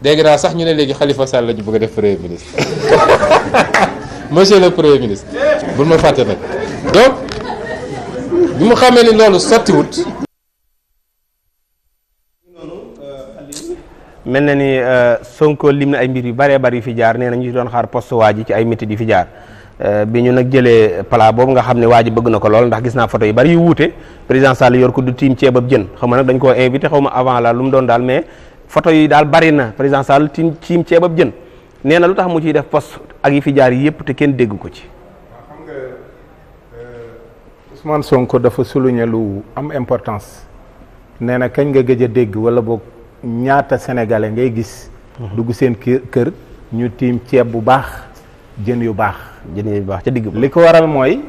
dégg naa sax ñu ne léegi xalifa Sall la ñu bëgg a def premier ministre mose le premier ministre bu ma fàtte nag donc bi mu xamee ni loolu sottiwut mel na ni euh, Sonko lim na ay mbir yu bëree bëri yu fi jaar nee na ñu doon xaar poste waa ji ci ay métti yu fi jaar euh, bi ñu nag jëlee plat boobu nga xam ne waa ji bëgg na ko lool ndax gis naa photo yu bari yu wuute président Sall yor ko du tiim ceebab jën xaw ma nag dañ koo invité xaw ma avant laa lu mu doon daal mais photo yi daal bari na président Sall ci ciim ceebab jën nee na lu tax mu ciy def post ak yi fi jaar yi te kenn dégg ko ci. xam nga euh, Ousmane dafa souligner lu am importance nee na kañ nga gëj a dégg wala boog ñaata sénégalais ngay gis. Mhm. dugg seen kër ñu tiim ceeb bu baax jën yu baax. jën yu baax ca digg li ko waral mooy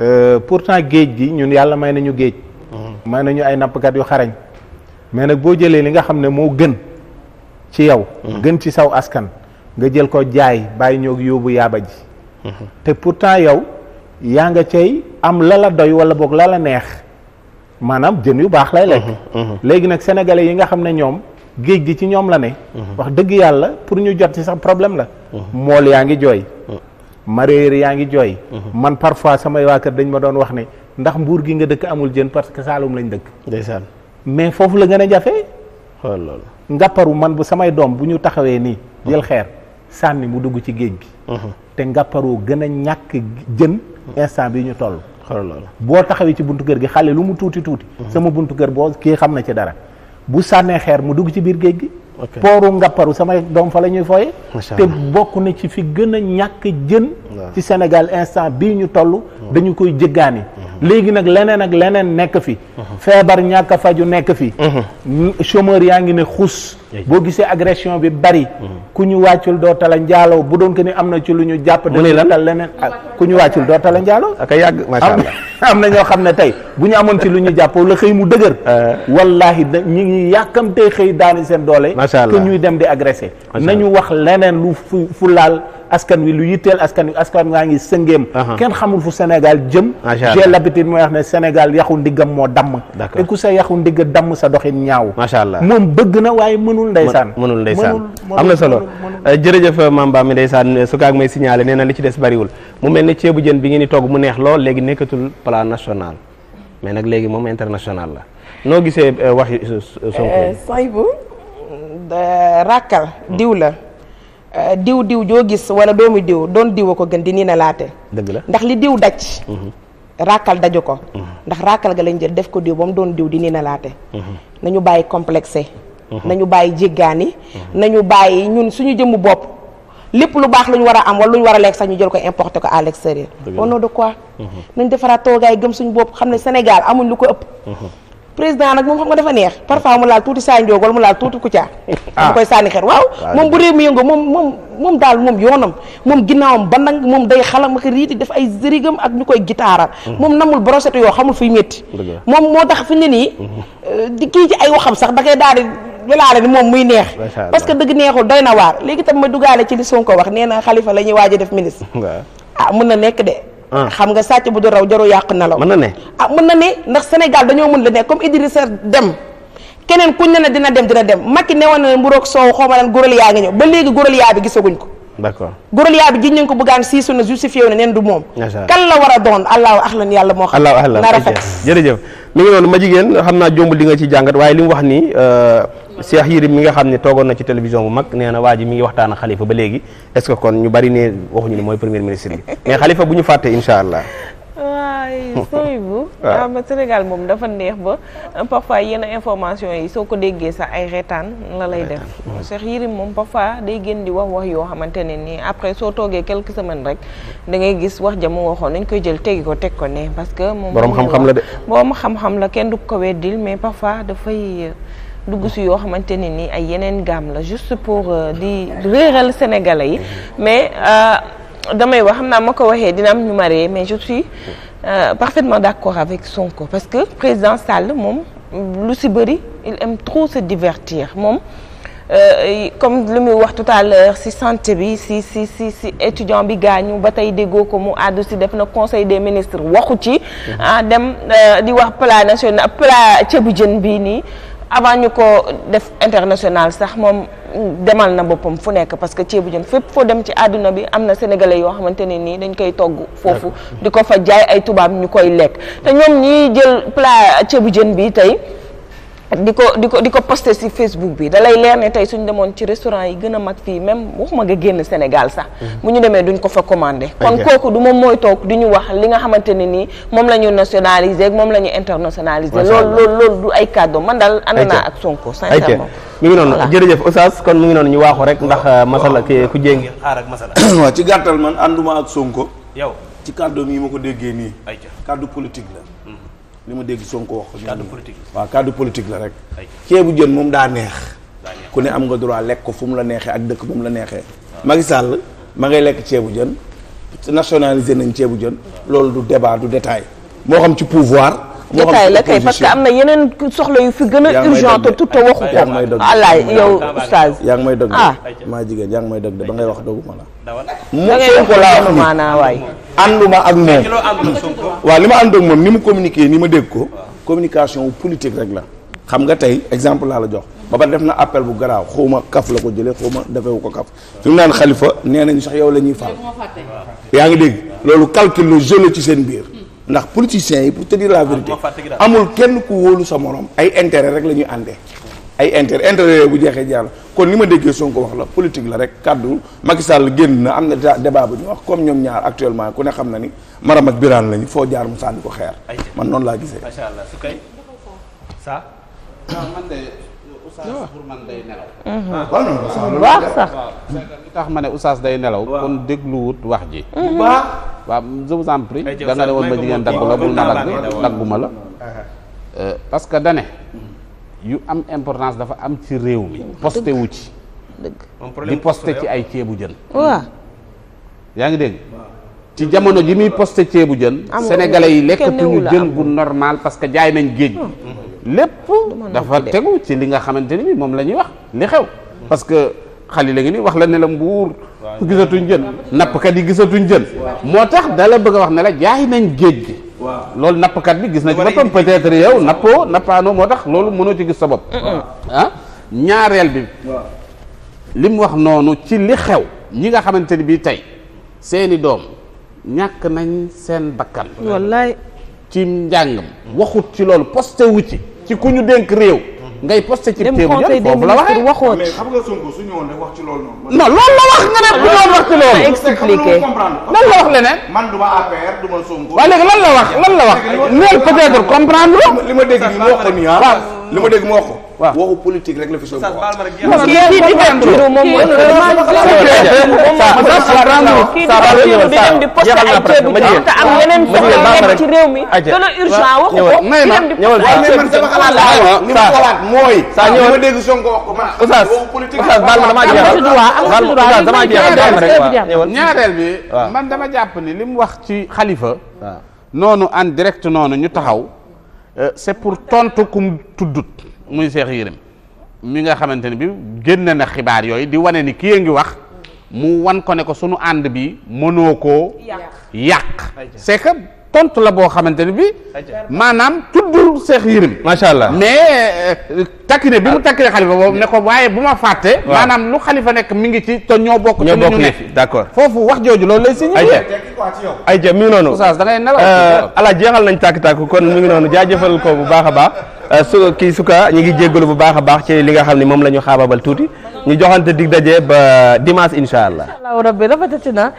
euh, pourtant géej gi ñun yàlla may nañu géej. Mhm. may nañu ay nappkat yu xarañ. mais nag boo jëlee li nga xam ne moo gën ci yow mhm. gën ci saw askan nga jël ko jaay bàyyi ñoo yóbbu yaaba ji mhm. te pourtant yow yaa nga cay am la la doy wala boog la la neex maanaam jën yu baax lay lekk mhm. léegi nag sénégalais yi nga xam ne ñoom géej gi ci ñoom la ne wax dëgg yàlla pour ñu jot ci sax problème la mool yaa ngi jooy mareyeur yaa ngi jooy man parfois samay waa kër dañ ma doon wax ne ndax mbuur gi nga dëkk amul jën parce que Saalum lañu dëkk ndeysaan mais foofu la gën a jafe xool loolu ngàpparu man bu samay doom bu ñu taxawee nii jël mhm. xeer sànni mu dugg ci géej gi mhm. te ngàpparu gën a ñàkk jën mhm. instant bi ñu toll xool loolu boo taxawee ci buntu kër gi xale lu mu tuuti tuuti sama buntu kër boo kii xam na ci dara bu sànnee xeer mu dugg ci biir géej gi pooru ngapparu samay doom fa la ñuy fooye te bokk na ci fi gën a ñàkk jën ci Sénégal instant bii ñu toll dañu koy jëggaani mhm. léegi nag leneen ak leneen nekk fi mhm. feebar ñàkk faju nekk fi mhm. chômeur yaa ngi ne xus boo gisee agression bi bari mm-hmm. ku ñu wàccul doo tala njaalo bu doon ko ni am na ci lu ñu jàpp dañu tal leneen ah, ku ñu wàccul doo tala njaalo ak yàgg am na ñoo xam ne tey bu ñu amoon ci lu ñu jàpp la xëy mu dëgër eh. wallahi ñi ngi yàkkamtee xëy daani seen doole macha allah ñuy dem di na ñu wax leneen lu fu fu laal askan wi lu yitteel askan wi askan waa ngi sëngeem uh-huh. kenn xamul fu senegal jëm j'ai l'habitude mooy wax ne Sénégal yaxu ndiggam moo damm te ku sa yaxu ndigg damm sa doxin ñaaw macha allah mënul ndeysaan mënul ndeysaan am na solo eh, jërëjëf eh, Mame Bamba mi ndeysaan eh, su kaag may signalé nee na li ci des bariwul mu mel ne ceebu jën bi ngeen di togg mu neex lool léegi nekkatul plat national mais nag léegi moom international la noo gisee wax yi Sonko say ràkkal diw la diw diw joo gis wala doomu diw doon diw ko gën di nii na dëgg la ndax li diw daj hmm. raakal daju ko hmm. ndax raakal ga lañ jël def ko diw ba mu doon diw di nii na laate hmm. nañu bàyyi complexé Uh-huh. nañu bàyyi jéggaani uh-huh. nañu bàyyi ñun suñu jëmmu bopp lépp lu baax lu war a am wala lu ñu war a lekk sax ñu jël ko importé ko à l'extérieur au nom de quoi uh-huh. nañ defaraat toogaay gëm suñu bopp xam ne Sénégal amuñ lu ko ëpp président nag moom xam nga dafa neex parfois mu laal tuuti saa njóog wala mu laal tuuti Kouthia ah. mu koy sànni xer waaw moom bu réew mi yëngoo moom moom moom daal moom yoonam moom ginnaawam bandang moom day xalam ak riiti def ay zërigam ak ñu koy gitaaral moom namul brochette yoo xamul fuy métti moom moo welaale ni moom muy neex parce que dëgg neexul doy na waar léegi tam ma dugaale ci li Sonko wax nee na Khalifa la a def ministre ah mun na nekk de ah. xam nga sàcc bu du raw jaru yàq nelaw mën na ne ah mën na ne ndax Sénégal dañoo mën la nekk comme Idrissa dem keneen kuñ ne ne dina dem dina dem Macky newoon na ne mburoog soow xaw ma lan góoral yaa ngi ñëw ba léegi góoral yaa bi gisaguñ ko góoral yaa bi jiñ nañ ko bëggaan siisu na justifié wu ne a doon allahu ahlan mu ngi noonu ma jigéen xam naa jomb li nga ci jàngat waaye li mu wax ni euh, Cheikh Yérim mi nga xam ne togoon na ci télévision bu mag nee na waa ji mi ngi waxtaan ak xalifa ba léegi est-ce kon ñu bari ne waxuñu ne mooy premier ministre bi mais xalifa bu ñu fàtte incha allah waaye sooy bu waaw ba Sénégal moom dafa neex ba parfois yenn information yi soo ko déggee sax ay retaan la lay def Cheikh Yérim moom parfois day génn di wax wax yoo xamante ne nii après soo toogee quelques semaines rek da ngay gis wax ja mu waxoon dañ koy jël teggi ko teg ko ne parce que moom borom xam-xam la de borom xam-xam la kenn du ko weddil mais parfois dafay euh, dugg si yoo xamante ne ni ay yeneen gaam la juste pour euh, di réeral sénégalais yi mm-hmm. mais euh, damay wax xam naa ma ko waxee dina am mais euh, parfaitement d'accord avec son Sonko parce que président Sall moom lu si bëri il aime trop se divertir moom euh, comme lu muy wax tout à si santé bi si si si si étudiant bi gaañu ba tey déggoo ko mu àddu def na conseil des ministres waxu ci mhm. ah dem euh, di wax plat national plat ceebu jën bii nii avant ñu ko def international sax moom demal na boppam fu nekk parce que ceebu jën fépp foo dem ci àdduna bi am na sénégalais yoo xamante ne nii dañ koy togg foofu di ko fa jaay ay tubaab ñu koy lekk te ñoom ñiy jël plat ceebu jën bi tey di ko di ko di ko posté ci Facebook bi da leer ne tey suñ demoon ci restaurant yi gën a mag fii même waxuma nga génn Sénégal sax. Mhm. bu ñu demee duñ ko fa commandé. kon kooku du moom mooy toog di ñu wax li nga xamante ne nii moom la ñu nationalisé ak moom la ñu internationalisé. loolu loolu loolu du ay kàddu man daal. ànd naa ak Sonko sincèrement. mi ngi noonu jërëjëf Oustaz kon mu ngi noonu ñu waaxu rek ndax uh, masala ku jéng xaar ak masala. waaw ci gàttal man ànduma ak Sonko. yow ci kàddu yi ma ko déggee nii. kàddu politique la. li ma dégg Sonko wax. cadre politique waaw la rek. ceebu jën moom daa neex. ku ne am nga droit lekk ko fu mu la neexee ak dëkk bu mu la neexee. Macky Sall ma ngay lekk ceebu jën nationalisé nañ ceebu jën. loolu du débat du détail moo xam ci pouvoir. détail la kay parce que am na yeneen soxla yu fi gën a urgent te tout a waxu ko allah yow oustaz yaa ngi may dog ah maa jigéen yaa ngi may dog de ba ngay wax dogu ma la mu ko laa maanaa waay ànduma ak moom waa li ma am ak moom ni mu communiqué ni ma dégg ko communication wu politique rek la xam nga tey exemple laa la jox ba ba def na appel bu garaaw xuuma kaf la ko jëlee xawma defewu ko kaf fi mu naan xalifa nee nañu sax yow la ñuy fal yaa ngi dégg loolu calcul lu jëlo ci seen biir ndax politiciens yi pour te dire la ah, vérité amul kenn ku wóolu sa morom ay intérêt rek la ñuy àndee ay intérêt intérêt yooyu bu jeexee jàll kon ni ma déggee Sonko wax la politique la rek kàddu Macky Sall génn na am na débat bu ñu wax comme ñoom ñaar actuellement ku ne xam na ni maram ak biraan lañu foo jaar mu sànni ko xeer man noonu laa gisee macha allah su kay ça man de ah. pour man day nelaw mhm. ah. waaw sax ma ne oustaz day nelaw kon wax ji waaw je vous en prie eh, da nga ne woon ma jigéen dagg la bul ma dagg dagguma la euh, parce que dane yu am importance dafa am ci réew mi posté wu ci di posté ci ay ceebu jën waaw yaa ngi dégg ci jamono ji muy posté ceebu jën sénégalais yi lekkatuñu jën bu normal parce que jaay nañ géej hmm. lépp dafa tegu ci li nga xamante ni bi moom la ñuy wax li xew parce xale léegi ni wax la ne la mbuur gisatuñ jën nappkat yi gisatuñ jën moo tax dala bëgg a wax ne la jaay nañ géej gi loolu nappkat bi gis na ci boppam peut-être yow nappoo nappaanoo moo tax loolu mënoo ci gis sa bopp ah, ah? bi li wax noonu ci li xew ñi nga xamante ni bii tey seeni doom ñàkk nañ seen bakkan wallaay ci njàngam waxut ci loolu posté ci ci ku ñu dénk réew ngay posté ci téeméer foofu la waxee waxoo mais xam nga Sonko su ñëwoon rek wax ci loolu noonu. non la wax nga ne bu doon wax ci loolu. expliqué lan la wax leneen. man du ma APR du ma la wax lan la wax. léegi peut-être comprendre li ma dégg moo wax nii ah. li ma dégg moo wax waaw waxu politique rek la fi soog a wax. parce que kii di dem di moom mooy. saa man. baal ma dama jàpp ni li mu wax ci xalifa noonu en direct noonu ñu taxaw c'est pour tontu kum tuddut muy Cheikh Yérim mi nga xamante ne bi génn na xibaar yooyu di wane ni kii a ngi wax mu wan ko ne ko sunu ànd bi mënoo koo yàq c'est tontu la boo xamante ne bi maanaam tuddul Cheikh Yérim macha allah mais euh, takkine bi mu takkine xalifa boobu ne ko waaye bu ma fàtte maanaam lu xalifa nekk mi ngi ci te ñoo bokk ñoo bokk ne foofu wax jooju loolu lay signé ay ja mi ngi noonu da ngay nelaw euh, ala jeexal nañ tàkk-tàkk kon mu ngi noonu jaajëfal ko bu baax a baax euh, su kii suka ñu ngi jéggalu bu baax a baax ci li nga xam ni moom la ñu xaabaabal tuuti ñu joxante dig daje ba dimanche incha allah rabbi rafetati na